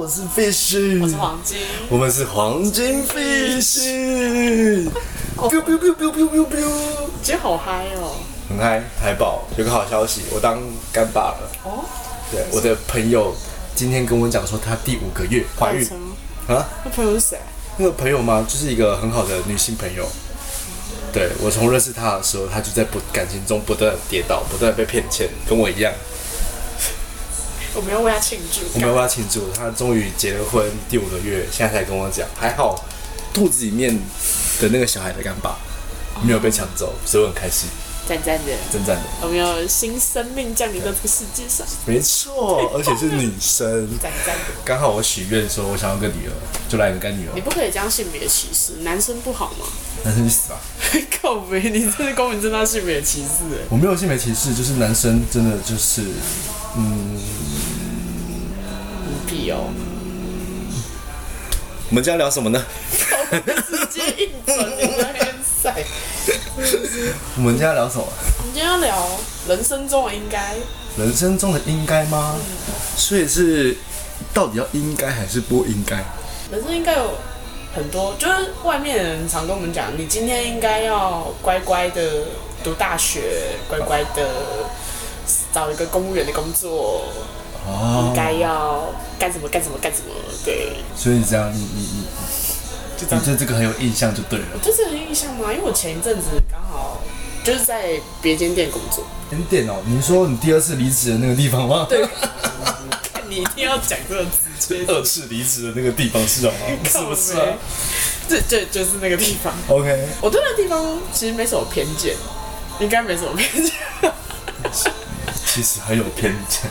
我是 fish，我是黃金，我們是黃金 fish。biu biu biu biu biu biu biu，今天好嗨哦！很嗨，台寶有個好消息，我當乾爸了。哦，oh? 對，是我的朋友今天跟我講說，她第五個月懷孕啊？成蛤那朋友是誰？那個朋友嘛，就是一個很好的女性朋友。對，我從認識她的時候，她就在不感情中不斷跌倒，不斷被騙錢，跟我一樣。我沒有為他慶祝，我沒有為他慶祝，他終於結了婚第五個月，現在才跟我講，還好，肚子裡面的那個小孩的乾爸沒有被搶走，所以我很開心，讚讚的，真讚的，我們有,有新生命降臨到這個世界上，沒錯，而且是女生，讚讚 的，剛好我許願說我想要個女兒，就來一個乾女兒，你不可以這樣性別歧視，男生不好嗎？男生去死吧， 靠北，你這是光明正大性別歧視，欸，我沒有性別歧視，就是男生真的就是，嗯。哦嗯、我們今天聊什麼呢？ 我們今天聊什麼？我們今天要聊人生中的應該。人生中的應該嗎？所以是到底要應該還是不應該？人生應該有很多，就是外面的人常跟我們講，你今天應該要乖乖的讀大學，乖乖的找一個公務員的工作。哦、應該要。幹什麼幹什麼幹什麼？對，所以你這樣，你你你，就你對這個很有印象就對了。就這樣，我就是很印象嗎？因為我前一陣子剛好就是在別間店工作。店哦、喔，你是說你第二次離職的那個地方嗎？對， 你一定要講個第二次離職的那個地方是麼 是不是？這這就是那個地方。OK，我對那個地方其實沒什麼偏見，應該沒什麼偏見。 其實很有偏見，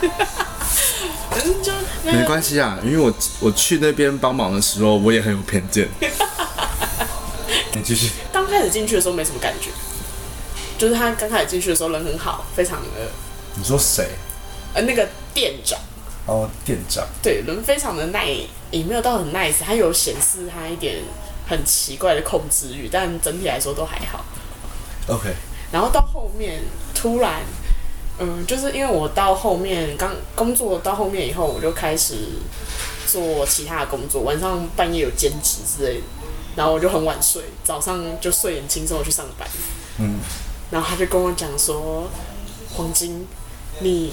沒關係啊，因為我我去那邊幫忙的時候，我也很有偏見， 你繼繼續。剛開始進去的時候沒什麼感覺，就是他剛開始進去的時候人很好，非常的。你說誰？呃，那個店長。哦，oh, 店長。對，人非常的 nice，也沒有到很 nice，他有顯示他一點很奇怪的控制欲，但整體來說都還好。OK。然後到後面突然。嗯，就是因為我到後面剛工作到後面以後，我就開始做其他的工作，晚上半夜有兼職之類的，然後我就很晚睡，早上就睡眼惺忪去上班。嗯，然後他就跟我講說：“黃金，你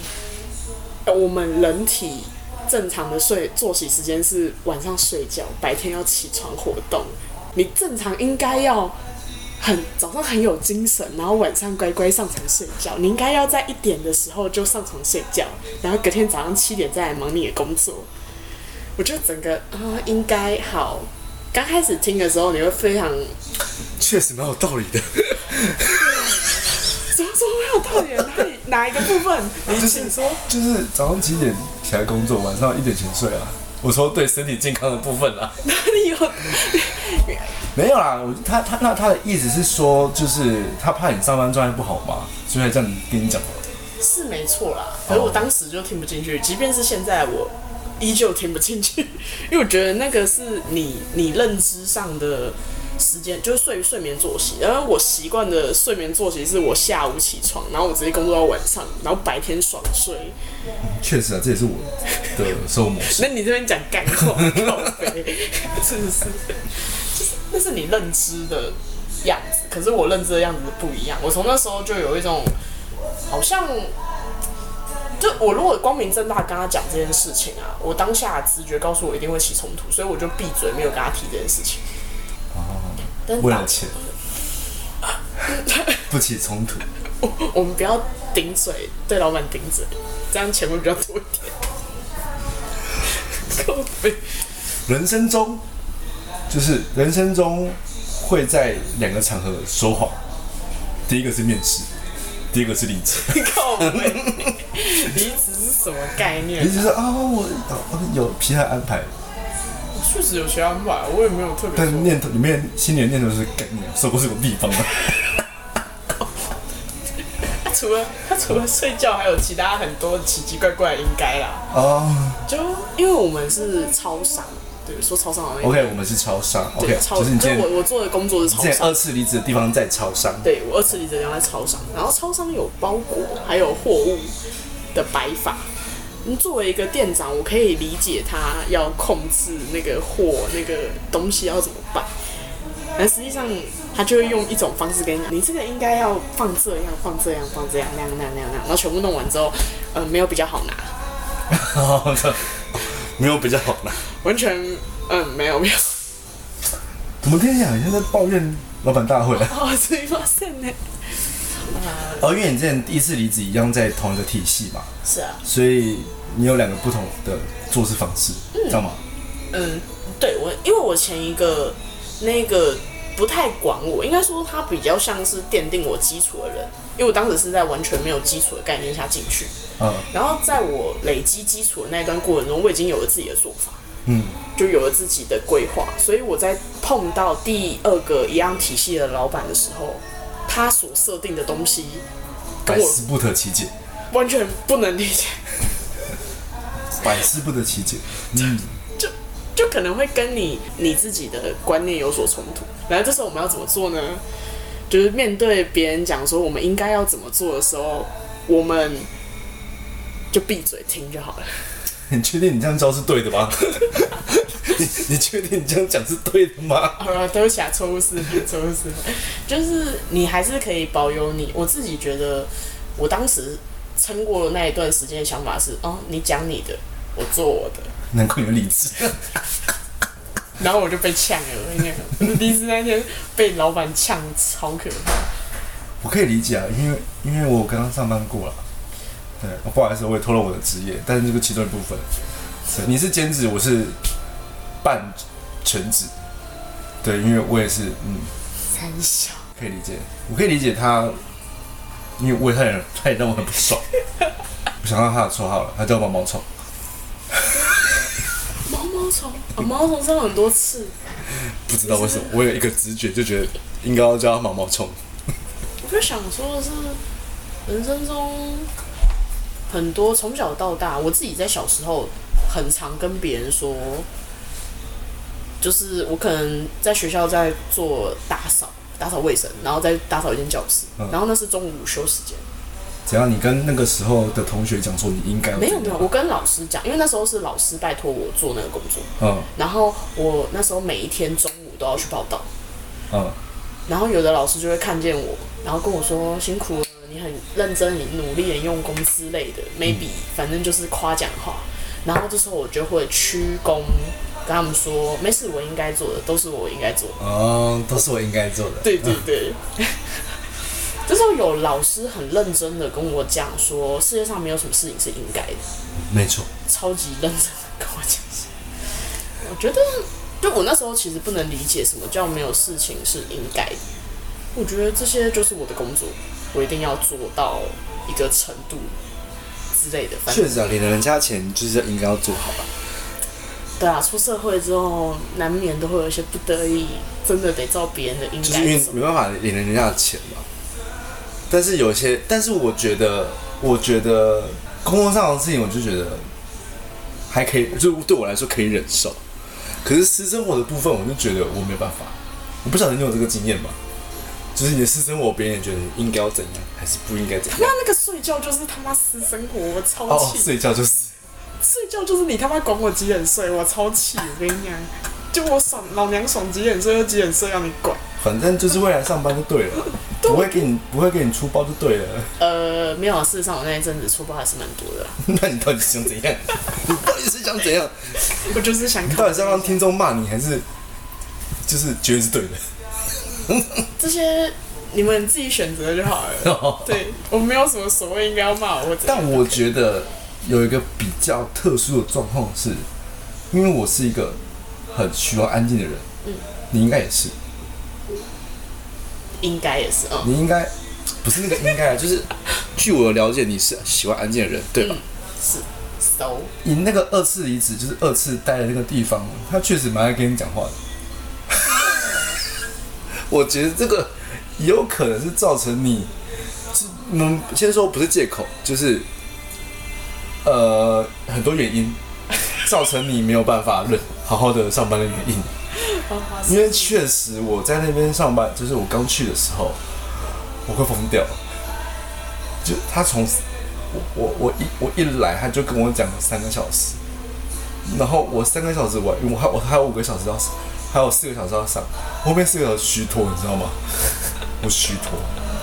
我們人體正常的睡作息時間是晚上睡覺，白天要起床活動，你正常應該要。”很早上，很有精神，然後晚上乖乖上床睡覺。你應該要在一點的時候就上床睡覺，然後隔天早上七點再來忙你的工作。我覺得整個啊、嗯、應該好。剛開始聽的時候你會非常，確實蠻有， 有道理的。怎麼說蠻有道理？哪裡哪一個部分？ 你請說，就是早上幾點起來工作，晚上一點前睡啊。我說對身體健康的部分啦，哪裡有？ 沒有啦，我他他那他,他的意思是說，就是他怕你上班狀態不好嘛，所以這樣跟你講。是沒錯啦，可是我當時就聽不進去，oh. 即便是現在我依舊聽不進去，因為我覺得那個是你你認知上的。時間就是睡睡眠作息，然後我習慣的睡眠作息是我下午起床，然後我直接工作到晚上，然後白天爽睡。嗯、確實啊，這也是我的生活模式。 那你這邊講幹話， 是是，那是，是，是你認知的樣子，可是我認知的樣子不一樣。我從那時候就有一種好像，就我如果光明正大跟他講這件事情啊，我當下直覺告訴我一定會起衝突，所以我就閉嘴，沒有跟他提這件事情。為了錢，不起衝突。 我們不要頂嘴，對老板頂嘴，這樣錢會比較多一點。 靠北。人生中就是人生中會在兩個場合說謊。第一個是面試，第二個是離職。 靠背，離職是什麼概念？離職是啊，我、哦、有其他安排。確實有些安排，啊，我也沒有特別。但念頭裡面心裡的念頭是：狗收狗是有地方的。 他除了他除了睡覺，還有其他很多奇奇怪怪，應該啦。哦，oh. 就因為我們是超商，對，說超商好像。OK，我們是超商。OK，對超商就,就我我做的工作是超商。在二次離職的地方在超商。對，我二次離職的地方在超商。然後超商有包裹，還有貨物的擺法。嗯、作為一個店長，我可以理解他要控制那個貨、那個東西要怎麼辦。但實際上他就會用一種方式跟你講：“你這個應該要放這樣，放這樣，放這樣，那樣，那樣，那樣那樣。”然後全部弄完之後，呃、嗯，沒有比較好拿。哦， 沒有比較好拿，完全，嗯，沒有沒有。 怎麼跟你講？你現在在抱怨老板大會啊，真抱歉呢。啊，哦，因為你之前第一次離職一樣在同一個體系嘛，是啊，所以。你有兩個不同的做事方式，嗯、知道嗎？嗯，對，我因為我前一個那一個不太管我，應該說他比較像是奠定我基礎的人，因為我當時是在完全沒有基礎的概念下進去，嗯，然後在我累積基礎的那段過程中，我已經有了自己的做法，嗯，就有了自己的規劃，所以我在碰到第二個一樣體系的老闆的時候，他所設定的東西，百思不得其解，完全不能理解。百思不得其解，嗯、就就可能會跟你你自己的觀念有所衝突。然後這時候我們要怎麼做呢？就是面對別人講說我們應該要怎麼做的時候，我們就閉嘴聽就好了。你確定你這樣招是對的嗎？ 你你確定你這樣講是對的嗎？對不起啊，錯誤事，錯誤事，就是你還是可以保有你。我自己覺得，我當時撐過那一段時間的想法是：哦，你講你的。我做我的，能夠有理智， 然後我就被嗆了，因為第一次那天被老闆嗆，超可怕。我可以理解啊，因為因為我剛剛上班過了，對、哦，不好意思，我也偷了我的職業，但是這個其中一部分，是你是兼職，我是半全職，對，因為我也是，嗯，三小可以理解，我可以理解他，嗯、因為我他也太人太讓我很不爽， 我想到他的綽號了，他叫我毛毛蟲。毛蟲生了很多次， 不知道為什麼，就是、我有一個直覺，就覺得應該要叫它毛毛蟲。我就想說的是，人生中很多從小到大，我自己在小時候很常跟別人說，就是我可能在學校在做打掃、打掃衛生，然後再打掃一間教室，嗯、然後那是中午午休時間。只要你跟那個時候的同學講說，你應該做。沒有沒有，我跟老師講，因為那時候是老師拜托我做那個工作。嗯，然後我那時候每一天中午都要去報到。嗯，然後有的老師就會看見我，然後跟我說辛苦了，你很認真、你努力、的用功之類的，maybe、嗯、反正就是誇獎的話。然後這時候我就會鞠躬跟他們說，沒事，我應該做的都是我應該做。哦，都是我應該做的。嗯、做的對對對、嗯。 就是有老師很認真的跟我講說，世界上沒有什麼事情是應該的，沒錯錯，超級認真的跟我講。我覺得，就我那時候其實不能理解什麼叫沒有事情是應該的。我覺得這些就是我的工作，我一定要做到一個程度之類的。確實啊、喔，領了人家錢就是應該要做好吧？對啊，出社會之後難免都會有一些不得已，真的得照別人的應該。麼沒辦法領了人家的錢嘛。嗯但是有些，但是我覺得，我覺得工作上的事情，我就覺得還可以，就對我來說可以忍受。可是私生活的部分，我就覺得我沒有辦法。我不曉得你有這個經驗嗎？就是你的私生活，別人也覺得應該要怎樣，還是不應該怎樣？那那個睡覺就是他媽私生活，我超氣！哦！睡覺就是睡覺就是你他媽管我幾點睡，我超氣！我跟你講，就我爽，老娘爽幾點睡就幾點睡，讓你管。反正就是未來上班就對了。 不會給你，不會給你出包就對了。呃，沒有，事實上我那一陣子出包還是蠻多的。 那你到底是想怎樣？ 你到底是想怎樣？ 我就是想看……你到底是要讓聽眾罵你，還是就是覺得是對的？ 這些你們自己選擇就好了。哦。對，我沒有什麼所謂，應該要罵我。但我覺得有一個比較特殊的狀況是，因為我是一個很需要安靜的人。嗯，你應該也是。應該也是，哦、你應該不是那個應該，就是 據我了解，你是喜歡安靜的人，對吧？嗯、是，是、哦、so 你那個二次離職，就是二次待在那個地方，他確實蠻愛跟你講話的。 我覺得這個有可能是造成你，嗯，先說不是借口，就是呃很多原因造成你沒有辦法好好的上班的原因。因為確實我在那邊上班，就是我剛去的時候，我會瘋掉。就他從我我我一我一來，他就跟我講了三個小時，然後我三個小時我我還我還有五個小時要上，還有四個小時要上，後面四個小時虛脫，你知道嗎？ 我虛脫，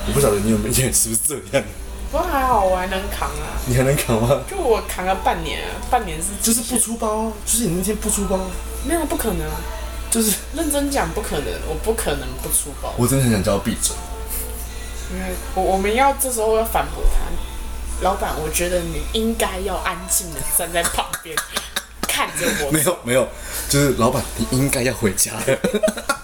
我不曉得你有沒有見是不是這樣？不過還好，我還能扛啊。你還能扛嗎？就我扛了半年啊，半年是就是不出包，就是你那天不出包，沒有不可能。就是認真講不可能，我不可能不出包。我真的很想叫他閉嘴，因為我我們要這時候要反駁他。老闆，我覺得你應該要安靜的站在旁邊 看着我。沒有沒有，就是老闆，你應該要回家的。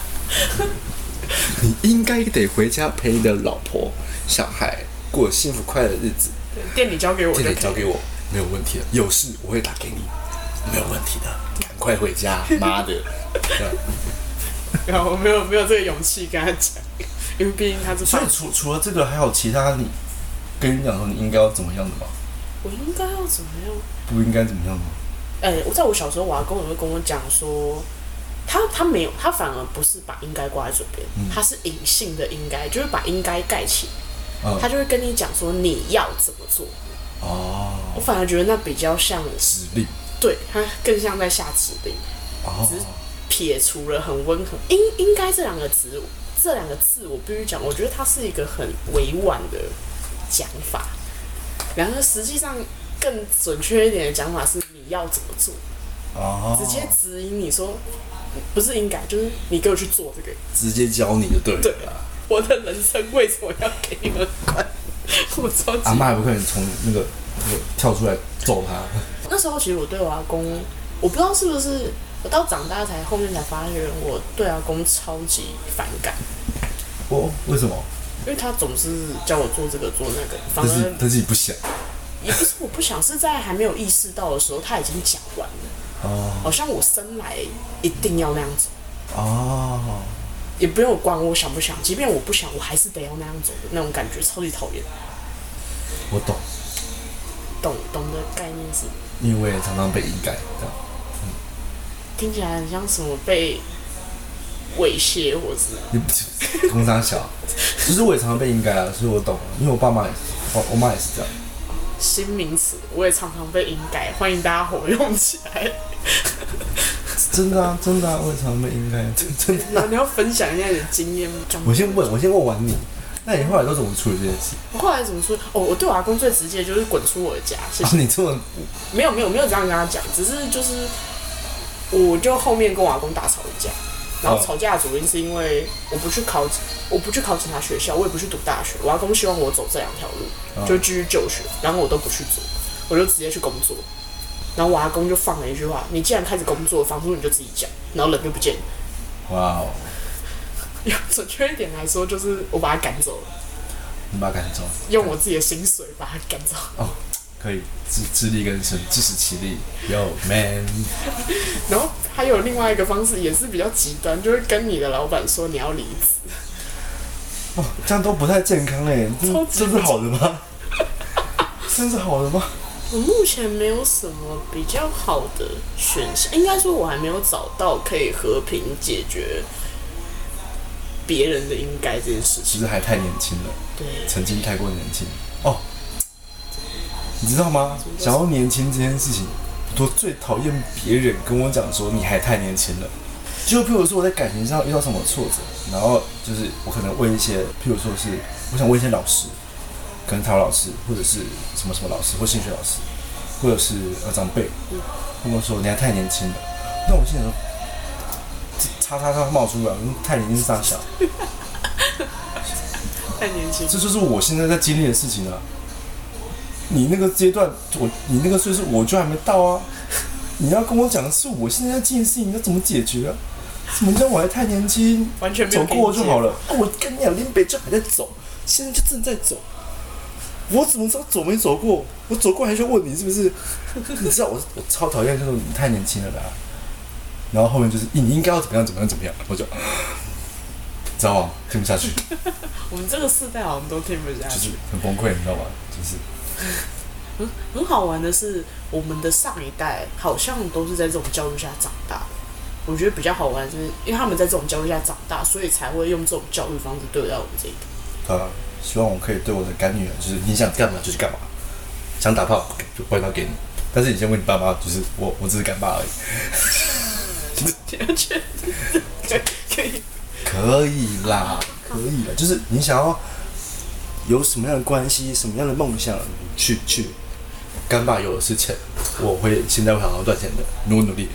你應該得回家陪你的老婆、小孩過幸福快樂的日子。店裡交給我，店裡交給我沒有問題的。有事我會打給你，沒有問題的。帶回，回家！媽的，對，然後我沒有沒有，沒有這個勇氣跟他講，因為畢竟他是。所以除除了這個，還有其他你跟你講說你應該要怎麼樣的嗎？我應該要怎麼樣？不應該怎麼樣嗎？哎、欸，我在我小時候，我阿公也會跟我講說，他他沒有，他反而不是把應該掛在嘴邊，嗯、他是隱性的應該，就是把應該蓋起來，嗯、他就會跟你講說你要怎麼做。哦，我反而覺得那比較像指令。對，它更像在下指令，只是撇除了很溫和，應應該這兩個詞，這兩個字，我必須講，我覺得它是一個很委婉的講法。然後，實際上更準確一點的講法是你要怎麼做，oh. 直接指引你說，不是應該就是你給我去做這個，直接教你就對了。對,對我的人生為什麼要給你們管？我操，阿媽也不可能從那個跳出來揍他。那時候其實我對我阿公，我不知道是不是我到長大才後面才發現，我對阿公超級反感。我、哦、為什麼？因為他總是叫我做這個做那個，反正他自己不想。 也不是我不想，是在還沒有意識到的時候，他已經講完了。哦。好像我生來一定要那樣子。哦。也不用管我想不想，即便我不想，我還是得要那樣走的那種感覺，超級討厭。我懂。懂懂的概念是。因為我也常常被應該這樣，嗯、聽起來很像什麼被猥褻或者……通常 小、啊，其、就、實、是、我也常常被應該啊，所以我懂，因為我爸媽，也是，我我媽也是這樣。新名詞，我也常常被應該，歡迎大家活用起來。 真的啊，真的啊，我也常常被應該，真的、啊你。你要分享一下你的經驗嗎？我先問，我先問完你。那你後來都怎麼處理這件事？我後來怎麼處理？哦，我對我阿公最直接就是滾出我的家。其實你、啊、你這麼沒有沒有沒有這樣跟他講，只是就是，我就後面跟我阿公大吵一架，然後吵架的主因是因為我不去考，我不去考警察學校，我也不去讀大學。我阿公希望我走這兩條路，就繼續就學，然後我都不去做，我就直接去工作。然後我阿公就放了一句話：“你既然開始工作，房租你就自己講”，然後人就不見了。哇哦！準確一點來說，就是我把他趕走了。你把他趕走，用我自己的薪水把他趕走。趕 哦，可以自自力更生，自食其力，Yo Man。然後還有另外一個方式，也是比較極端，就是跟你的老板說你要離職。哦，這樣都不太健康嘞。這是好的嗎？ 這是好的嗎？我目前沒有什麼比較好的選項，應該說，我還沒有找到可以和平解決。別人的應該這件事其實還太年輕了。對，曾經太過年輕。哦，嗯、你知道嗎？想要年輕這件事情，我最討厭別人跟我講說你還太年輕了。就譬如說我在感情上遇到什麼挫折，然後就是我可能問一些，譬如說是我想問一些老師，可能陶老師或者是什麼什麼老師，或興趣老師，或者是呃長輩，他們、嗯、說你還太年輕了。那我現在說。他他他冒出來了，太年輕是大小， 太年輕輕，這就是我現在在經歷的事情啊！你那個階段，我你那個歲數，我就還沒到啊！你要跟我講的是，我現在在經歷的事情，你要怎麼解決，啊？什麼叫我還太年輕， 完全沒走過就好了， 啊。我跟你講，林北就還在走，現在就正在走。我怎麼知道走沒走過？我走過還是問你是不是？ 你知道我，我我超討厭這種你太年輕了吧，啊？然後後面就是、欸、你應該要怎麼樣怎麼樣怎麼樣，我就知道嗎？聽不下去。 我們這個世代好像都聽不下去，就是很崩潰，你知道嗎？就是、嗯，很好玩的是，我們的上一代好像都是在這種教育下長大的。我覺得比較好玩，就是因為他們在這種教育下長大，所以才會用這種教育方式對待我們這一代。啊、嗯，希望我可以對我的乾女兒，就是你想幹嘛就去幹嘛，就是、幹嘛是想打炮就回到給你，嗯、但是你先問你爸媽，就是我我只是乾爸而已。 可以，可以可以啦，可以啦，就是你想要有什麼樣的關係，什麼樣的夢想，去去，乾爸有的是錢，我會現在會好好賺錢的，努努力。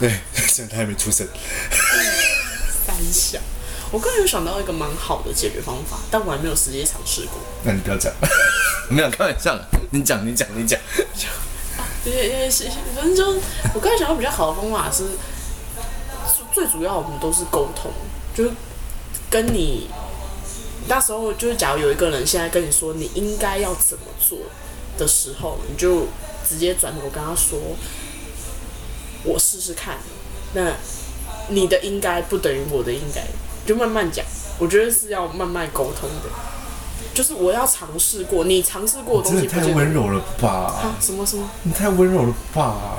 對，現在他還沒出生。對，三小，我剛剛有想到一個蠻好的解決方法，但我還沒有實際嘗試過。那你不要講。我們倆開玩笑，你講，你講，你講。因為、啊、是，反正就我剛才想到比較好的方法是，最主要我們都是溝通，就是跟你那時候，就是假如有一個人現在跟你說你應該要怎麼做的時候，你就直接轉頭跟他說，我試試看。那你的應該不等於我的應該，就慢慢講。我覺得是要慢慢溝通的，就是我要嘗試過，你嘗試過的東西不你太溫柔了吧、啊？什麼什麼？你太溫柔了吧？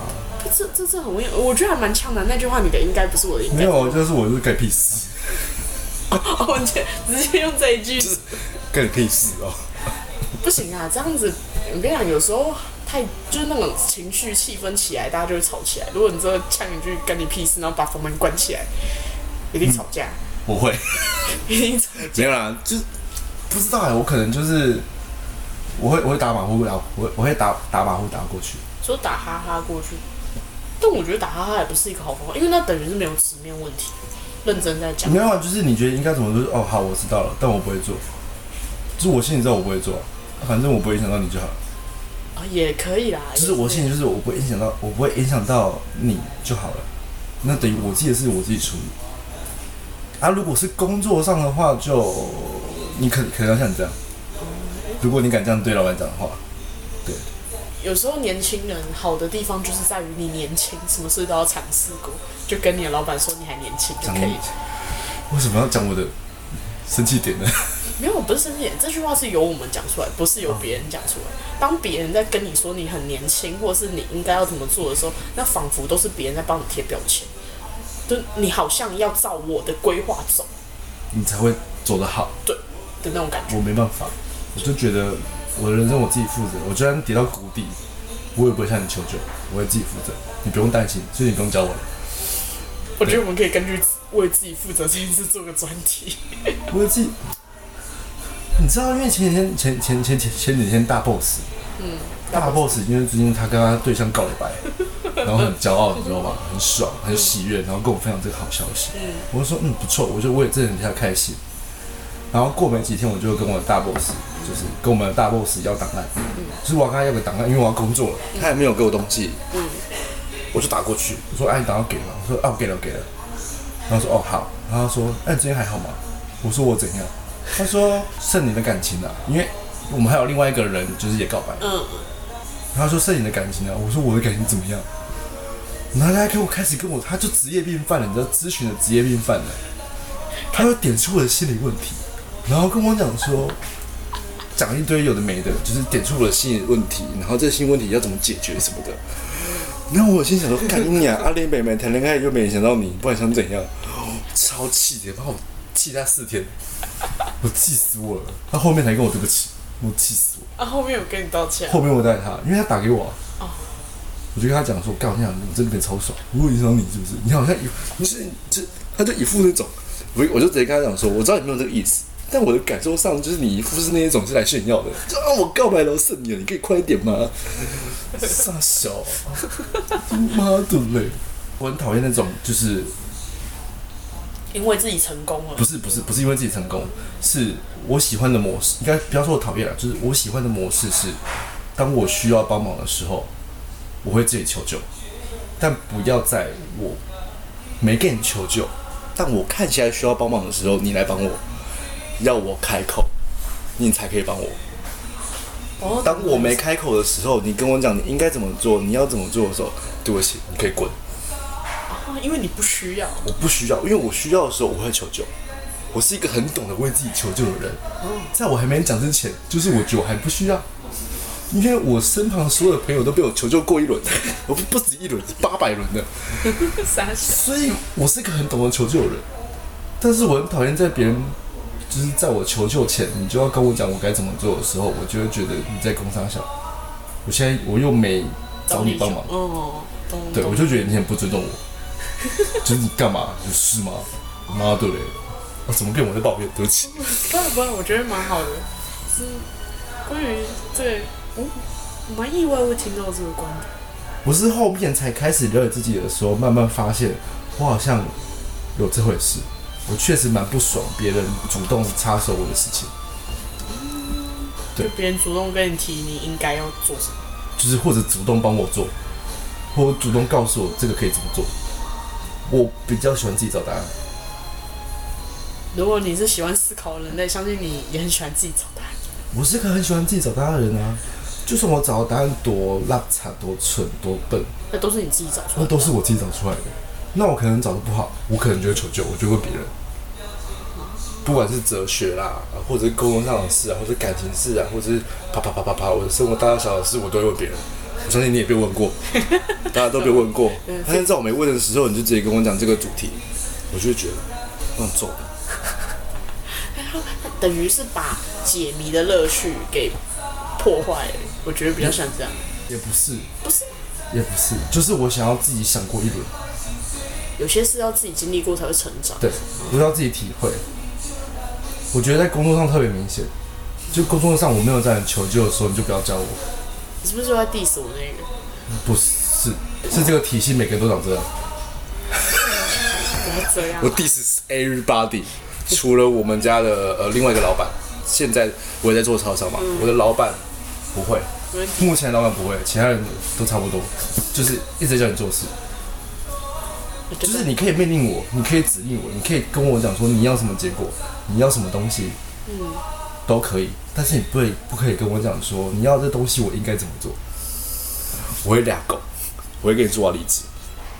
這這這很容易，我覺得還蠻嗆的。那句話，你的應該不是我的應該。沒有，就是我就是干屁事。我直接直接用這一句、就是，幹你屁事哦！不行啊，這樣子我跟你講，有時候太就是那種情緒氣氛起來，大家就會吵起來。如果你真的嗆一句幹你屁事，然後把房門關起來，一定吵架。不、嗯、會 一定吵架，沒有啦，就是不知道哎、欸，我可能就是我會我會打馬虎不了，我會我會打打馬虎打過去，說打哈哈過去。但我覺得打他，他也不是一個好方法，因為那等於是沒有直面問題，認真在講。沒辦法、啊。就是你覺得應該怎麼做？哦，好，我知道了，但我不會做。就是我心裡知道我不會做，反正我不會影響到你就好。啊，也可以啦。就是我心裡就是我不會影響到，是我不會影響到你就好了。那等於我自己的事我自己處理。啊，如果是工作上的話就，就你可可能要像你這樣。如果你敢這樣對老板講的話，對。有時候年輕人好的地方就是在於你年輕，什麼事都要嘗試過。就跟你的老板說你還年輕就可以。為什麼要講我的生氣點呢？沒有，不是生氣點。這句話是由我們講出來，不是由別人講出來。哦，當別人在跟你說你很年輕，或是你應該要怎麼做的時候，那仿佛都是別人在幫你貼標籤，就你好像要照我的規劃走，你才會走得好。對的那種感覺，我沒辦法，對我就覺得。我的人生我自己負責，我就算跌到谷底，我也不會向你求救，我會自己負責，你不用擔心，所以你不用教我了。我覺得我們可以根據“為自己負責”這件事做個專題。 我自己，你知道，因為前幾天前前前前前幾天大 boss，嗯，大 boss 因為最近他跟他對象告了白，然後很驕傲，你知道嗎？很爽，很喜悅，嗯、然後跟我分享這個好消息。嗯，我就說嗯不錯，我就為這人比較開心。然後過沒幾天，我就跟我的大 boss。就是跟我們的大 boss 要檔案，就是我剛才有個檔案，因為我要工作了。他也沒有給我東西，嗯，我就打過去，我說：“哎，檔案給嗎？”我說：“哦、啊，我給了，給了。”然後說：“哦，好。”然後他說：“哎，今天還好嗎？”我說：“我怎樣？”他說：“剩你的感情了、啊，因為我們還有另外一個人，就是也告白。”嗯，然後他說：“剩你的感情了、啊。”我說：“我的感情怎麼樣？”然後他給我開始跟我，他就職業病犯了，你知道，諮詢的職業病犯了。他就點出我的心理問題，然後跟我講說。講一堆有的沒的，就是點出了新的問題，然後這新問題要怎麼解決什麼的。然後 我心想說：“看你呀、 啊，阿蓮、 啊、妹妹談戀愛又沒想到你，不然想怎樣，哦、超氣的，把我氣他四天， 我氣死我了。啊”他後面才跟我對不起，我氣死我。啊，後面有跟你道歉。後面我帶他，因為他打給我。哦、我就跟他講說：“幹呀，我這邊超爽，如果遇到你是不、就是？你好像有，就是，他就一副那種，我我就直接跟他講說：我知道你沒有這個意思。”但我的感受上就是，你不是那一種是來炫耀的，就啊，我告白都是你，你可以快一點嗎？傻笑，媽的嘞！我很討厭那種，就是因為自己成功了。不是不是不是因為自己成功，是我喜歡的模式。應該不要說我討厭了，就是我喜歡的模式是，當我需要幫忙的時候，我會自己求救，但不要在我沒跟你求救，但我看起來需要幫忙的時候，你來幫我。要我開口，你才可以幫我。當我沒開口的時候，你跟我講你應該怎麼做，你要怎麼做的時候，對不起，你可以滾。因為你不需要。我不需要，因為我需要的時候我會求救。我是一個很懂得為自己求救的人。在我還沒講之前，就是我覺得我還不需要，因為我身旁所有的朋友都被我求救過一輪，我不止一輪，是八百輪的。所以我是一個很懂得求救的人，但是我很討厭在別人。就是在我求救前，你就要跟我講我該怎麼做的時候，我就會覺得你在工傷下，我現在我又沒找你幫忙，嗯，哦、懂懂，對，我就覺得你很不尊重我 就，就是你幹嘛？有事嗎？媽、啊，對不對？啊、怎麼變我在抱怨，對不起。不，當然不會，我覺得蠻好的。是關於這個，哦，蠻意外會聽到這個觀點。我是後面才開始了解自己的時候，慢慢發現我好像有這回事。我確實蠻不爽別人主動插手我的事情，對，就別人主動跟你提你應該要做什麼，就是或者主動幫我做，或主動告訴我這個可以怎麼做，我比較喜歡自己找答案。如果你是喜歡思考的人類，相信你也很喜歡自己找答案。我是個很喜歡自己找答案的人啊，就算我找的答案多爛、多差、多蠢、多笨，那都是你自己找出來，那都是我自己找出來的。那我可能找的不好，我可能就會求救，我就會問別人。不管是哲學啦，或者是溝通上的事啊，或者是感情事啊，或者是啪啪啪啪啪，我的生活大大小小的事我都會問別人。我相信你也被問過，大家都被問過。他現 在我沒問的時候，你就直接跟我講這個主題，我就覺得很重。然後 等於是把解謎的樂趣給破壞了、欸。我覺得比較像這樣，也，也不是，不是，也不是，就是我想要自己想過一輪。有些事要自己經歷過才會成長，對，不是要自己體會。我覺得在工作上特別明顯，就工作上我沒有在人求救的時候，你就不要教我。你是不是要 diss 我那個？不是，是這個體系每個人都長這樣、嗯。我 這樣。我 diss everybody，除了我們家的呃另外一個老闆。現在我也在做超商嘛，嗯、我的老闆不會，會目前老闆不會，其他人都差不多，就是一直教你做事。就是你可以命令我，你可以指令我，你可以跟我講說你要什麼結果，你要什麼東西，嗯，都可以。但是你不會不可以跟我講說你要這東西，我應該怎麼做？我會兩狗，我會給你做例子。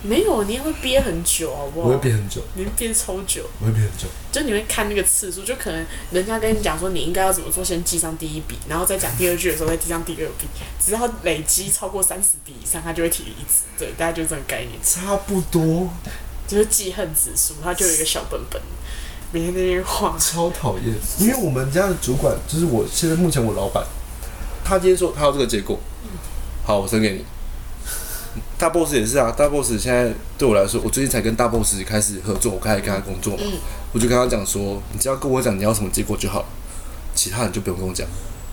沒有，你也會憋很久，好不好？我會憋很久，你會憋超久。我會憋很久，就你會看那個次數，就可能人家跟你講說你應該要怎麼做，先記上第一筆，然後再講第二句的時候再記上第二筆，只要累積超過三十筆以上，他就會提離職。對，大概就是這個概念。差不多，就是記恨指數，他就有一個小本本，每天在那邊晃。超討厭，因為我們家的主管就是我現在目前我老闆，他今天說他要這個結構，好，我分給你。大 boss 也是啊，大 boss 現在對我來說，我最近才跟大 boss 開始合作，我開始跟他工作嘛。嗯，我就跟他講說，你只要跟我講你要什麼結果就好了，其他人就不用跟我講。嗯，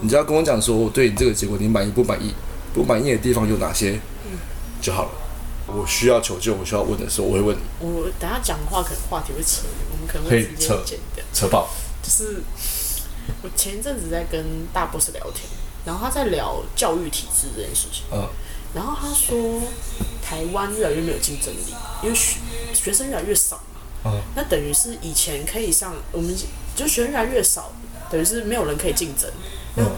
你只要跟我講說我對你這個結果你滿意不滿意，不滿意的地方有哪些，嗯，就好了。我需要求救，我需要問的時候，我會問你。我等下講話可能話題會扯，我們可能會隨便扯爆。扯。就是我前一陣子在跟大 boss 聊天，然後他在聊教育體制這件事情。嗯。然後他說，台灣越來越沒有競爭力，因為學學生越來越少嘛。嗯。Oh. 那等於是以前可以上，我們就學生越來越少，等於是沒有人可以競爭。那、oh.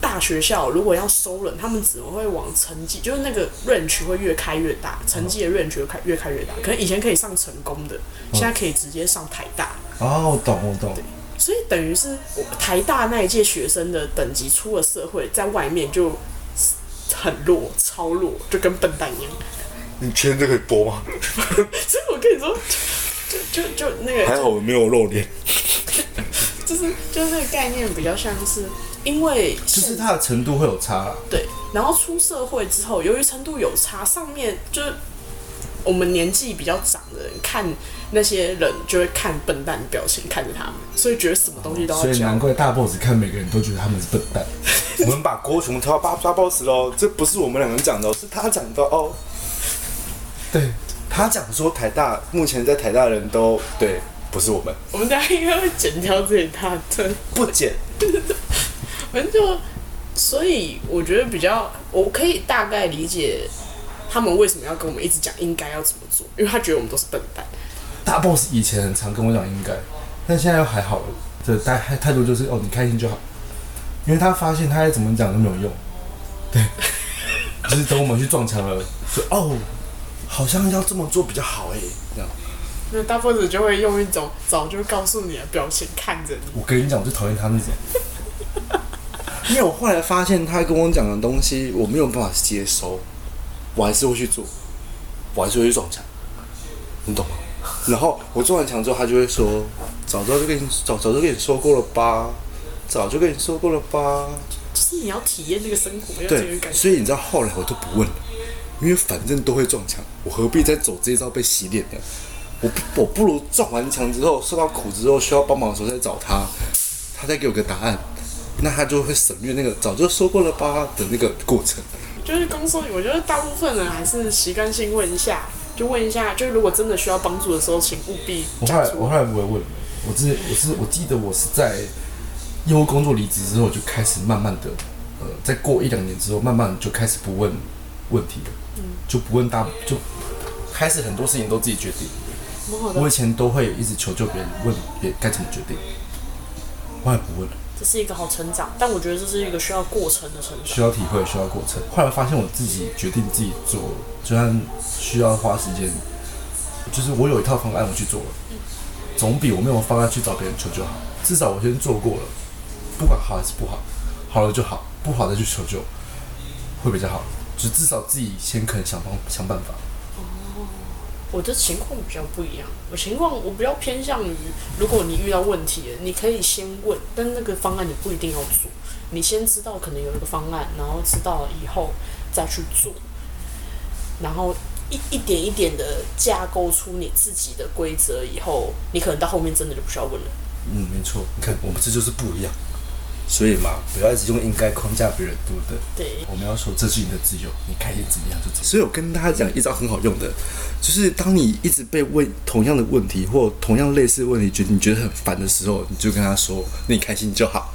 大學校如果要收人，他們只會往成績，就是那個 range 會越開越大，成績的 range 會開、oh. 越開越大。可能以前可以上成功的，oh. 現在可以直接上台大。哦，我懂，我懂。所以等於是我台大那一屆學生的等級，出了社會，在外面就。很弱，超弱，就跟笨蛋一樣。你真的可以播嗎？ 所以我跟你說，就就就那個，還好我沒有露臉 就是。就是就是那個概念比較像是，因為其實它的程度會有差。對，然後出社會之後，由於程度有差，上面就是。我們年紀比較長的人看那些人，就會看笨蛋表情看着他們，所以覺得什麼東西都要講。所以難怪大 boss 看每個人都覺得他們是笨蛋。 我們把鍋全部扒刷 boss 嘍，這不是我們兩個人講的，是他講的哦。對，他講說，台大目前在台大的人都對，不是我們。我們大家應該會剪掉自己大對，不剪。 反正就所以我覺得比較，我可以大概理解。他們為什麼要跟我們一直講應該要怎麼做？因為他覺得我們都是笨蛋。大 boss 以前很常跟我講應該，但現在又還好了，對，態度就是哦，你開心就好。因為他發現他再怎麼講都沒有用，對，就 是等我們去撞牆了，說哦，好像要這麼做比較好哎、欸，這樣。那大 boss 就會用一種早就告訴你的表情看着你。我跟你講，我最討厭他那種， 因為我後來發現他跟我講的東西我沒有辦法接收，我還是會去做，我還是會去撞牆，你懂嗎？ 然後我撞完牆之後，他就會說：“早知道就跟你早早就跟你說過了吧，早就跟你說過了吧。”就是你要體驗這個生活，要體驗感。所以你知道後來我都不問了，因為反正都會撞牆，我何必再走這一遭被洗臉呢？我我不如撞完牆之後受到苦之後需要幫忙的時候再找他，他再給我個答案，那他就會省略那個早就說過了吧的那個過程。就是剛說，我覺得大部分人還是習慣性問一下，就問一下。就如果真的需要幫助的時候，請務必我。我後來我後來不會問，我之前我是我記得我是在，業務工作離職之後就開始慢慢的，呃，再過一兩年之後，慢慢就開始不問問題了，嗯，就不問大就，開始很多事情都自己決定。我以前都會一直求救別人問別該怎麼決定，我後來不問了。這是一個好成長，但我覺得這是一個需要過程的成長，需要體會，需要過程。後來發現我自己決定自己做，就算需要花時間，就是我有一套方案我去做了。嗯，總比我沒有方案去找別人求救好。至少我先做過了，不管好還是不好，好了就好，不好再去求救會比較好。就至少自己先肯想方想辦法。我的情況比較不一樣，我情況我比較偏向於，如果你遇到問題，你可以先問，但那個方案你不一定要做，你先知道可能有一個方案，然後知道以後再去做，然後一一點一點的架構出你自己的規則，以後你可能到後面真的就不需要問了。嗯，沒錯，你看我們這就是不一樣。所以嘛，不要一直用應該框架別人，對不對？對，我們要說這是你的自由，你開心怎麼樣就怎麼樣。所以我跟大家講一招很好用的，就是當你一直被問同樣的問題或同樣類似的問題，覺得你覺得很煩的時候，你就跟他說你開心就好。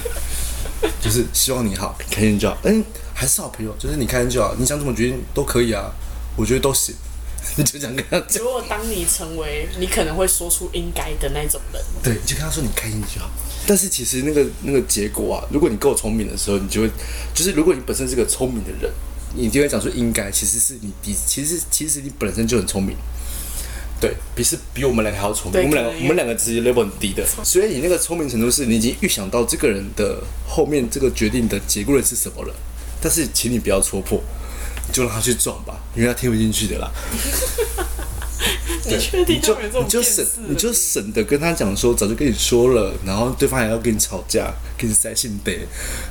就是希望你好，開心就好。嗯，還是好朋友，就是你開心就好，你想怎麼決定都可以啊，我覺得都行。你就這樣跟他講。如果當你成為你可能會說出應該的那種人，對，你就跟他說你開心就好。但是其實那個那個結果啊，如果你夠聰明的時候，你就會就是如果你本身是個聰明的人，你就會講說應該，其實是你比其實其實你本身就很聰明。對，比是比我們兩個還要聰明，對我們兩個我們兩個其實 level 很低的，所以你那個聰明程度是你已經預想到這個人的後面這個決定的結果是什麼了，但是請你不要戳破。就讓他去撞吧，因為他聽不進去的啦。 你確定就你就省你就省得跟他講說，早就跟你說了，然後對方還要跟你吵架，跟你塞性德，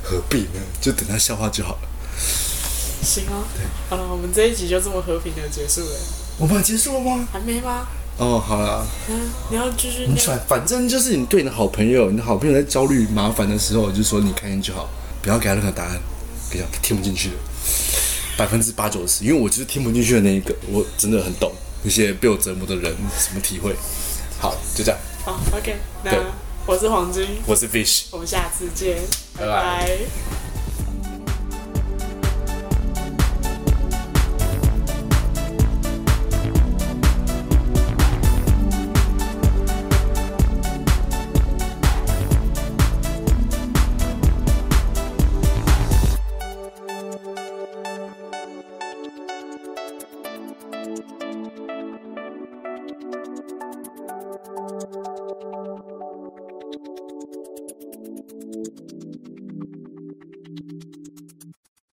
何必呢？就等他消化就好了。行啊，對，好了，我們這一集就這麼和平的結束了。我們結束了嗎？還沒嗎？哦，好了，嗯，你要繼續你要你。反正就是你對你的好朋友，你的好朋友在焦慮麻煩的時候，就說你開心就好，不要給他任何答案，別講、嗯，聽不進去的。百分之八九十，因為我就是聽不進去的那一個，我真的很懂那些被我折磨的人什麼體會。好，就這樣。好，Oh，OK 那。對，那我是黃金，我是 Fish，我們下次見，拜拜。拜拜。